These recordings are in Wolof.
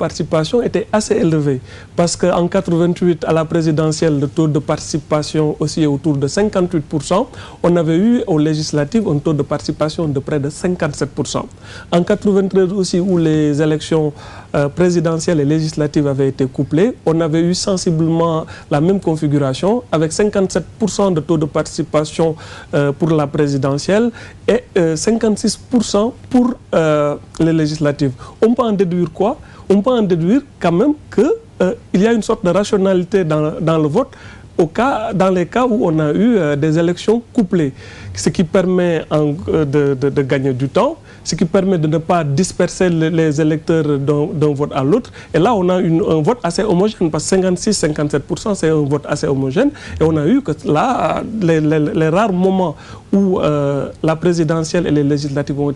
participation était assez parce que en 88 à la présidentielle le taux de participation de 58 pour cent on avait eu aux législatives un taux de participation de près de 57 pour cent en 93 aussi où les élections euh, présidentielles et législatives avaient été couplées on avait eu sensiblement la pour cent de taux de participation euh, pour la présidentielle et euh, 56 pour cent pour euh, les législatives on peut quoi on peut en déduire quand même que euh, il y dans, dans le vote au cas, dans les cas où on a eu euh, en, euh, de, de, de, gagner du temps, ce qui permet de ne pas disperser le, les électeurs à l'autre. Et là, un vote assez homogène, parce que 56-57%, c'est un vote assez on a les, les, les rares euh, la présidentielle et les législatives ont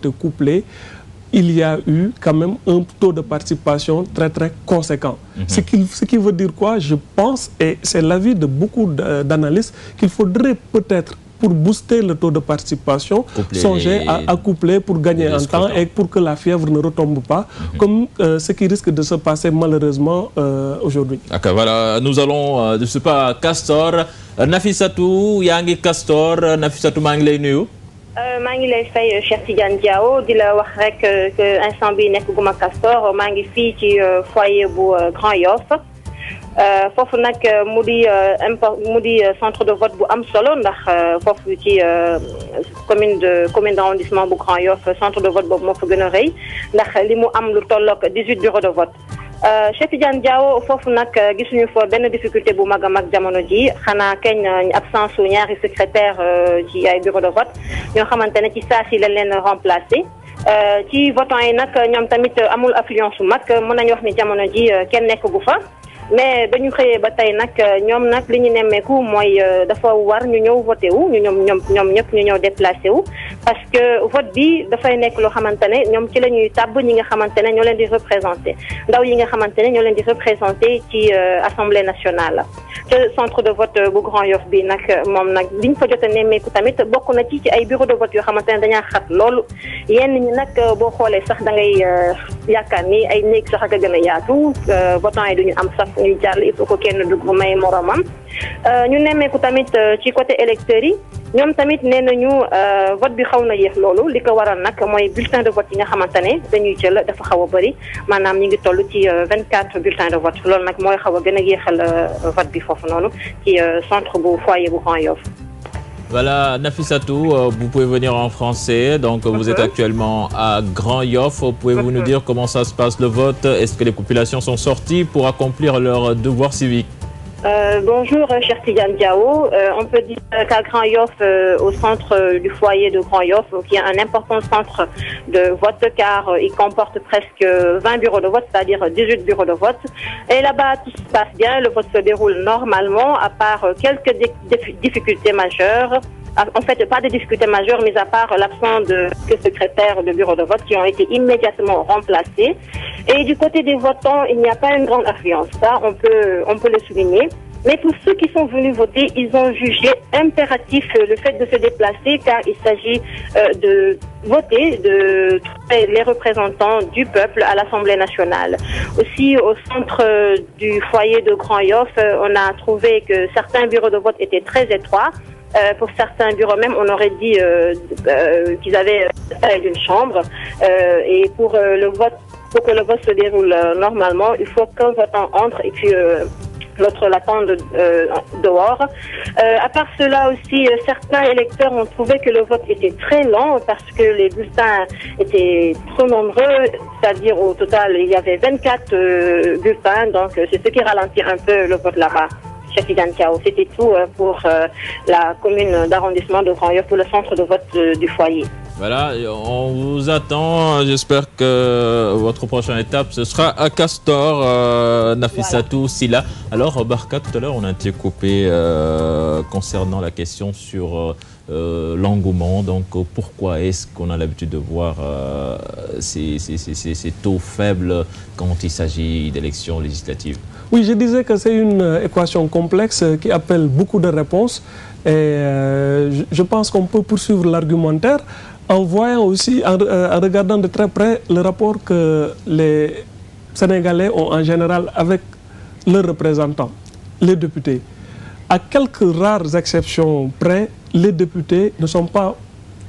il y a eu quand même un taux de participation très très conséquent. Mm -hmm. ce, qui, ce qui veut dire quoi Je pense, et c'est l'avis de beaucoup d'analystes, qu'il faudrait peut-être pour booster le taux de participation, Coupler songer à, à, coupler pour gagner en temps et pour que la fièvre ne retombe pas, mm -hmm. comme euh, ce qui risque de se passer malheureusement euh, aujourd'hui. Okay, voilà, nous allons, euh, je ne sais pas, Castor, euh, Nafisatou, Yangi Castor, euh, Nafisatou Manglé Euh, maa ngi lay fay Cheikh Tidiane Diaw di la wax rek euh, que instant bi nekk guma Castor maa ngi fii ci euh, foyer bu Grand Yoff foofu nag mu di impor mu di centre de vote bu am solo ndax foofu ci commune de commune d' arrondissement bu Grand Yoff centre de vote boobu moo fa gën a rëy ndax li mu am lu tollook dix huit bureaux de vote Euh, Cheikh Tidiane Diaw foofu nag euh, gisuñu fa benn difficulté bu mag a mag jamono ji xanaa keñ euh, absence su ñaari secrétaire ci ay bureau de vote ñoo xamante ne ci saa si lañ leen remplacer ci votant yi nag ñoom tamit amul affluence wu mag mën nañu wax ni jamono ji kenn nekk gu fa mais dañu xëye ba tey nag ñoom nag li ñu nemmeeku mooy dafa war ñu ñëw voté wu ñu ñoom ñoom ñoom ñëpp ñu ñëw déplacé wu parce que vote bi dafay nekk loo xamante ne ñoom ci la ñuy tàbb ñi nga xamante ne ñoo leen di représenté ndaw yi nga xamante ne ñoo leen di représenté ci euh, assemblée nationale. te centre de vote euh, bu Grand Yoff bi nag euh, moom nag ñu fa jotee nemmeeku tamit bokk na ci ci ay bureau de vote yoo xamante ne dañaa xat loolu yenn ñi nag boo xoolee sax da ngay yaakaar ni ay néeg sax ak a gën a yaatu votant yi duñu am sax ñu jàll il faut que kenn dugg may moromam. Euh, ñu nemmeeku tamit euh, ci côté électeurs yi ñoom tamit nee nañu euh, vote bi xaw na yéex loolu li ko waral nag mooy bulletin de vote yi nga xamante ne dañuy jël dafa xaw a bari maanaam ñu ngi toll ci vingt quatre bulletin de vote loolu nag mooy xaw a gën a yéexal vote bi foofu noonu ci centre bu foyer bu Grand Yoff Voilà, Nafissatou, euh, vous pouvez venir en français. Donc, vous êtes actuellement à Grand Yoff. Pouvez-vous mm -hmm. nous dire comment ça se passe le vote? Est-ce que Euh, bonjour, euh, cher Tidiane Diao. Euh, on peut dire qu'à Grand Yoff, euh, au centre euh, du foyer de Grand Yoff, qui est un important centre de vote, car euh, il comporte presque 20 de vote, c'est-à-dire 18 de vote. Et là-bas, tout se passe bien, le vote se déroule normalement, à part quelques difficultés majeures. en fait pas de difficultés majeures, mis à part l'absence de secrétaires de bureau de vote qui ont été immédiatement remplacés. Et du côté des votants, il n'y a pas une grande affluence. Ça, on peut, on peut le souligner. Mais pour ceux qui sont venus voter, ils ont jugé impératif euh, le fait de se déplacer car il s'agit euh, de voter, de trouver les représentants du peuple à l'Assemblée nationale. Aussi, au centre euh, du foyer de Grand Yoff, euh, on a trouvé que certains bureaux de vote étaient très étroits. Euh, pour certains bureaux même, on aurait dit euh, euh, qu'ils avaient euh, une chambre. et pour le vote, pour que le vote se déroule normalement, il faut qu'un votant entre et puis l'autre l'attendent euh, dehors. Euh, à part cela aussi, euh, certains électeurs ont trouvé que le vote était très lent parce que les bulletins étaient trop nombreux, c'est-à-dire au total il y avait 24 bulletins, donc c'est ce qui ralentit un peu le vote là-bas. Chatigan Tiao. C'était tout euh, pour euh, la commune d'arrondissement de Grand Yoff, pour le centre de vote euh, du foyer. Voilà, on vous attend. J'espère que votre prochaine étape, ce sera à Castor, euh, Nafisatou, voilà. Silla. Alors, Barca, tout à l'heure, on a été coupé euh, concernant la question sur euh, euh l'engouement. Donc, euh, pourquoi est-ce qu'on a l'habitude de voir euh, ces, ces, ces, ces taux faibles quand il s'agit d'élections législatives Oui, je disais que c'est une équation complexe qui appelle beaucoup de réponses. Et euh, je pense qu'on peut poursuivre l'argumentaire en voyant aussi, en, euh, en, regardant de très près le rapport que les Sénégalais ont en général avec leurs représentants, les députés. À quelques rares exceptions près, les députés ne sont pas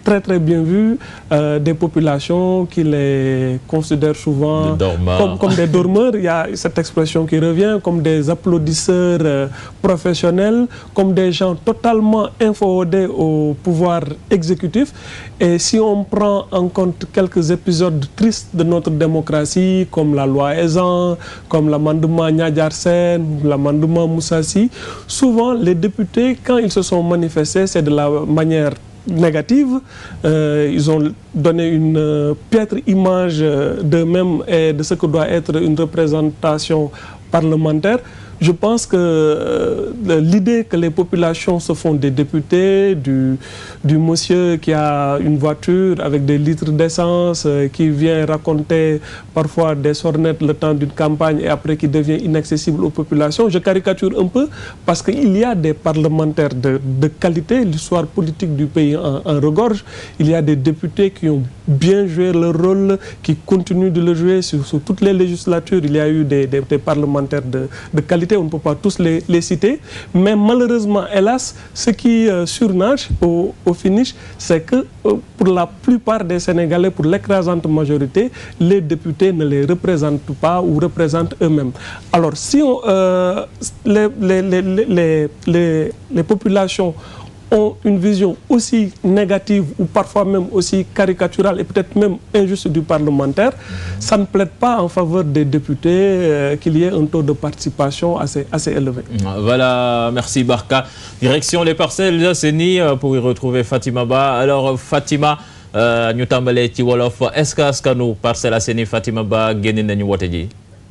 très très bien vu euh, des populations qui les considèrent souvent comme, comme des dormeurs. Il y a cette expression qui revient, comme des applaudisseurs euh, professionnels, comme des gens totalement infodés au pouvoir exécutif. Et si on prend en compte quelques épisodes tristes de notre démocratie, comme la loi Aisan, comme l'amendement Nyadjarsen, l'amendement Moussassi, souvent les députés, quand ils se sont manifestés, c'est de la manière négative. Euh, ils ont donné une euh, piètre image euh, d'eux-mêmes et de ce que doit être une représentation parlementaire. je pense que euh, l'idée que les populations se font des députés, du, du, monsieur qui a une voiture avec des litres d'essence, euh, qui vient raconter parfois des sornettes le temps d'une campagne et après qui devient inaccessible aux populations, je caricature un peu parce qu'il y a des parlementaires de, de qualité, l'histoire politique du pays en, en, regorge, il y a des députés qui ont bien joué leur rôle, qui continuent de le jouer sur, sur toutes les législatures, il y a eu des, des, des parlementaires de, de qualité réalités, on ne peut pas tous les, les citer. Mais malheureusement, hélas, ce qui euh, surnage au, au finish, c'est que euh, pour la plupart des Sénégalais, pour l'écrasante majorité, les députés ne les représentent pas ou représentent eux-mêmes. Alors, si on, euh, les, les, les populations ont une vision aussi négative ou parfois même aussi caricaturale et peut-être même injuste du parlementaire, ça ne plaide pas en faveur des députés euh, qu'il y ait un taux de participation assez, assez élevé. Voilà, merci Barca. Direction les parcelles d'Asseni euh, pour y retrouver Fatima Ba. Alors Fatima, euh, ñu tàmbalee ci wolof est-ce que askanu parcelles Asseni Fatima Ba génne nañu wote ji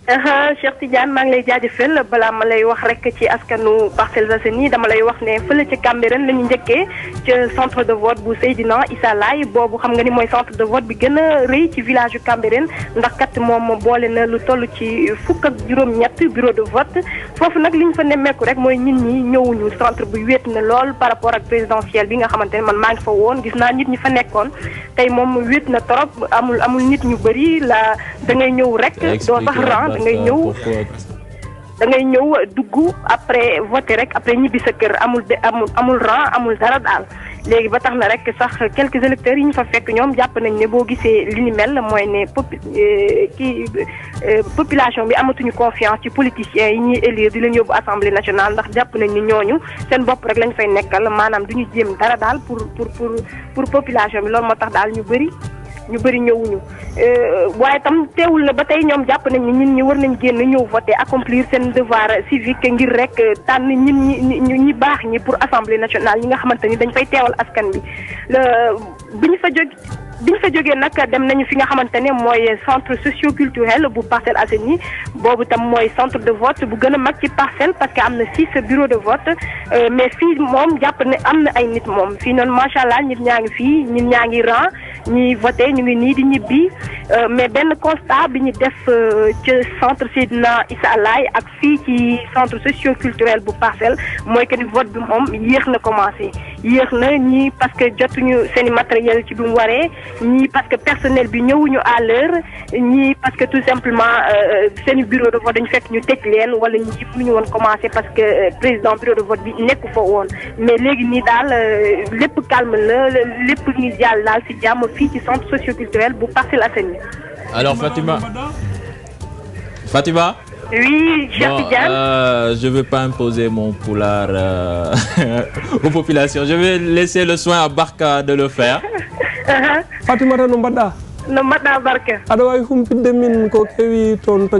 Cheikh Tidiane maa ngi lay jaajëfal balaa ma lay wax rek ci askanu Parcelles Assainies dama lay wax ne fële ci Cambérène la ñu njëkkee ca centre de vote bu Seydina Issa Laye boobu xam nga ni mooy centre de vote bi gën a rëy ci village yu Cambérène ndax kat moom boole na lu toll ci fukk ak juróom-ñett bureau de vote foofu nag li ñu fa nemmeeku rek mooy nit ñi ñëwuñu centre bu wéet na lool par rapport ak présidentielle bi nga xamante ne man maa ngi fa woon gis naa nit ñi fa nekkoon tey moom wéet na trop amul amul nit ñu bëri la da ngay ñëw rek doo sax ran da ngay ñëw da ngay ñëw dugg après voté rek après ñibbi sa kër amul de amul amul amul dara daal. léegi ba tax na rek sax quelques électeurs yi ñu fa fekk ñoom jàpp nañ ne boo gisee li ni mel mooy ne popu euh, kii euh, population bi amatuñu confiance ci politiciens yi ñuy élire di leen yóbbu assemblée nationale ndax jàpp nañ ni ñooñu seen bopp rek lañ fay nekkal maanaam du ñu jéem dara daal pour pour pour population bi loolu moo tax daal ñu bëri. ñu bëri ñëwuñu euh, waaye tam teewul na ba tey ñoom jàpp nañ ñun ñi war nañ génn ñëw voté accomplir seen devoir civique ngir rek tànn ñin ñi ñi baax ñi pour assemblée nationale ñi nga xamante ni dañ fay teewal askan bi bi ñu fa jóg bi ñu fa jógee nag dem nañu fi nga xamante ne mooy centre socioculturel bu Parcelles Assainies boobu tam mooy centre de vote bu gën a mag ci parcelle parce que am na six bureau de vote euh, mais fii moom jàpp ne am na ay nit moom fii noonu macha nit ñaa ngi fii nit ñaa ngi rang ñiy voté ñu ngi nii di ñibbi euh, mais benn constat bi ñu def euh, ca centre Seydina Issa Laye ak fii ci centre socioculturel bu Parcelles mooy que ni vote bi moom yéex na commencé yéex na ñii parce que jotuñu seen i matériel ci bi mu waree ñii parce que personnel bi ñëwuñu à l'heure ñii parce que tout simplement euh, seen bureau de vote dañu fekk ñu tëj leen wala ñii mënuñu woon commencé parce que président bureau de vote bi nekku fa woon mais léegi nii daal lépp calme la lépp ñu jàll fii ci centre socioculturel bu Parcelles Assainies. alors Fatima Fatima. oui Cheikh bon, euh, pas imposer mon poulard euh, aux je vais laisser le soin à Barka de le faire. Fatimata no mbaɗɗa. no mbaɗɗa Barka. aɗa wawi humpidde min ko kewi toon to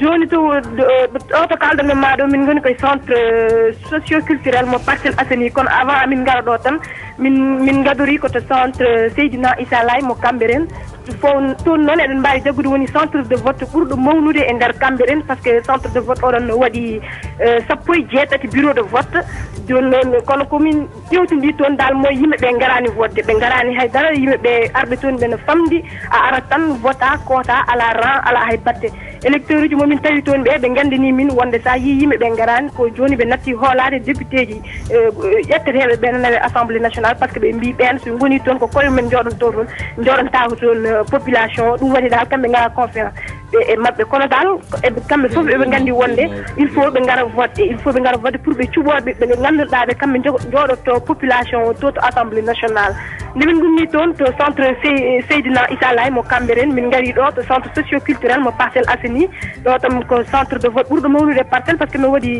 joni to oto euh, kalɗo men maɗo min goni koye centre euh, socio culturel mo parcelle asseni kono avant amin gara ɗo tan min min gadori koto centre euh, seydina issa lay mo camberen fo toon noon eɗen mbawi jaggude woni centre de vote ɓurɗo mawnude e nder camberen par que centre de vote oɗon waɗi sappo e jeetati bureau de vote joni noon kono komin ƴewtidi toon dal mo yimɓeɓe garani vodde ɓe garani haydara yimɓeɓe arɓe toon ɓene famdi a arat tan vota koota électeur uji momin tawi toon ɓe ɓe gandani min wonde sa yimɓe ɓe garani ko joni ɓe natti hoolade député ji ƴetteteɓe e, ɓenawe assemblée nationale par ce que ɓe mbi ɓen so goni toon ko koye men jooɗon to toon jooɗon euh, population ɗum waɗi dal kamɓe gara conférence e, e maɓɓe kono dal e, kamɓe fof eɓe nganndi wonde il faut ɓe ngara vote il faut ɓe ngara vote pour ɓe cuɓoɓe ɓe ngannduɗa ɓe kamɓe jooɗotto o to to assemblé national nde min ngummi toon to centre seydina issa mo camberen min ngari ɗo to centre socio culturel mo parcelle aseni ɗo tam centre de vote ɓurɗo mawnude parcelle par mi waɗi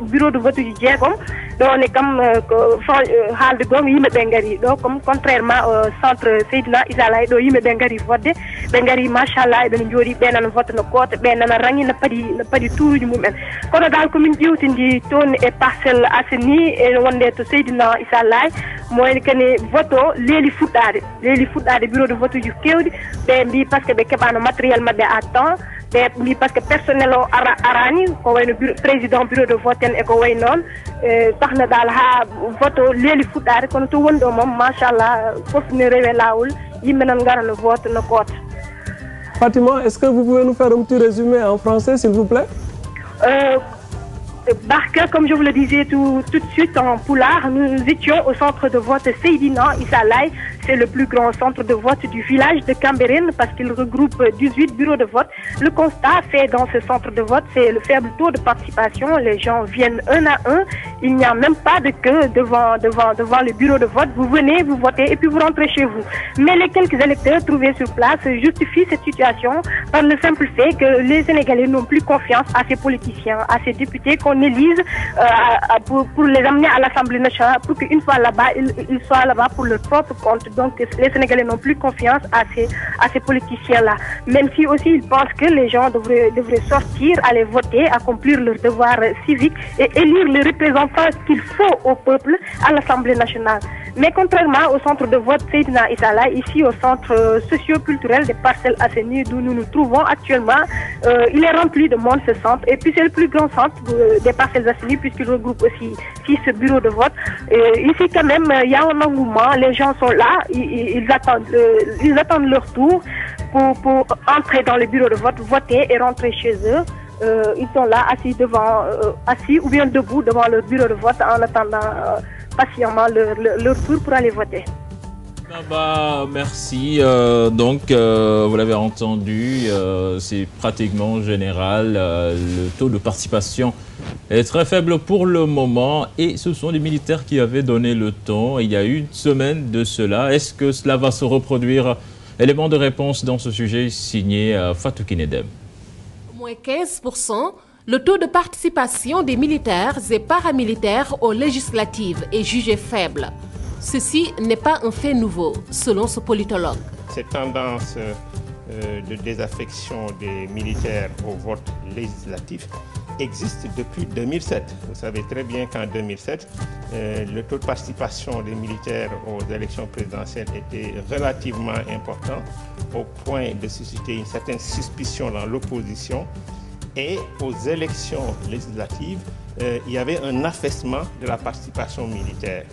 bureau de vote uji jeegom ɗone kam euh, ko euh, haalde gonga yimɓeɓe ngari ɗo comme centre seydina issa lay ɗo yimɓeɓe ngari fodde ɓe ngari machallah eɓene jooɗi ɓenana voddana goto ɓenana rangina paaɗi paaɗi turuji mumen kono dal komin ƴewtidi toon e parcelle asani e wonde to seydina issa lay moyne kane vote o leeli fuɗɗade leeli fuɗɗade bureau de vote uji kewɗi ɓe mbi par ce que ɓe keɓano matériel mabɓe à temps ɓe mbi par que personnel o ara arani ko wayno président bureau de vote en eko way noon e, sahna dal ha vote o leeli fuɗɗade kono to woni ɗo moom machallah foof ne rewe lawol yimɓe nan gara no vote no goota Fatima, est-ce que vous pouvez nous faire un petit résumé en français, s'il vous plaît euh, Barca, comme je vous le disais tout, tout de suite en Poulard, nous étions au centre de vote Seydina Issalay. C'est le plus grand centre de vote du village de Cambérine parce qu'il regroupe 18 bureaux de vote. Le constat fait dans ce centre de vote, c'est le faible taux de participation. Les gens viennent un à un Il n'y a même pas de queue devant, le bureau de vote. Vous venez, vous votez et puis vous rentrez chez vous. Mais les quelques électeurs trouvés sur place justifient cette situation par le simple fait que les Sénégalais n'ont plus confiance à ces politiciens, à ces députés qu'on élise euh, pour, les amener à l'Assemblée nationale pour qu'une fois là-bas, ils, soient là pour leur propre compte. Donc les Sénégalais n'ont plus confiance à ces, politiciens et élire l'emphase qu'il faut au peuple à l'Assemblée nationale. Mais contrairement au centre de vote Seydina Isala, ici au centre euh, socio-culturel des parcelles assainies d'où nous nous trouvons actuellement, euh, il est rempli de monde ce centre. Et puis c'est le plus grand centre des parcelles assainies puisqu'il regroupe aussi six bureaux de vote. Et ici quand même, euh, il y a un engouement, les gens sont là, ils, ils attendent, euh, ils attendent leur tour pour, pour entrer dans les bureaux de vote, voter et rentrer chez eux. euh, ils sont là assis devant, euh, assis ou devant leur bureau de vote en attendant euh, patiemment leur, leur, leur, tour pour aller voter. Ah bah, merci. Euh, donc, euh, vous l'avez entendu, c'est général. le taux de participation est très faible pour le moment et ce sont les militaires qui avaient donné le ton. Il y a une semaine de cela. Est-ce que cela va se reproduire Élément de réponse dans ce sujet signé Fatou Kinedem. moins 15%, le taux de participation des militaires et paramilitaires aux législatives est jugé faible. Ceci n'est pas un fait nouveau, selon ce politologue. Cette tendance euh, euh, de désaffection des militaires au vote législatif existe depuis 2007. Vous savez très bien qu'en 2007, euh, le taux de participation des militaires aux élections présidentielles était relativement important, au point de susciter une certaine suspicion dans l'opposition. Et aux élections législatives, euh, il y avait un affaissement de la participation militaire.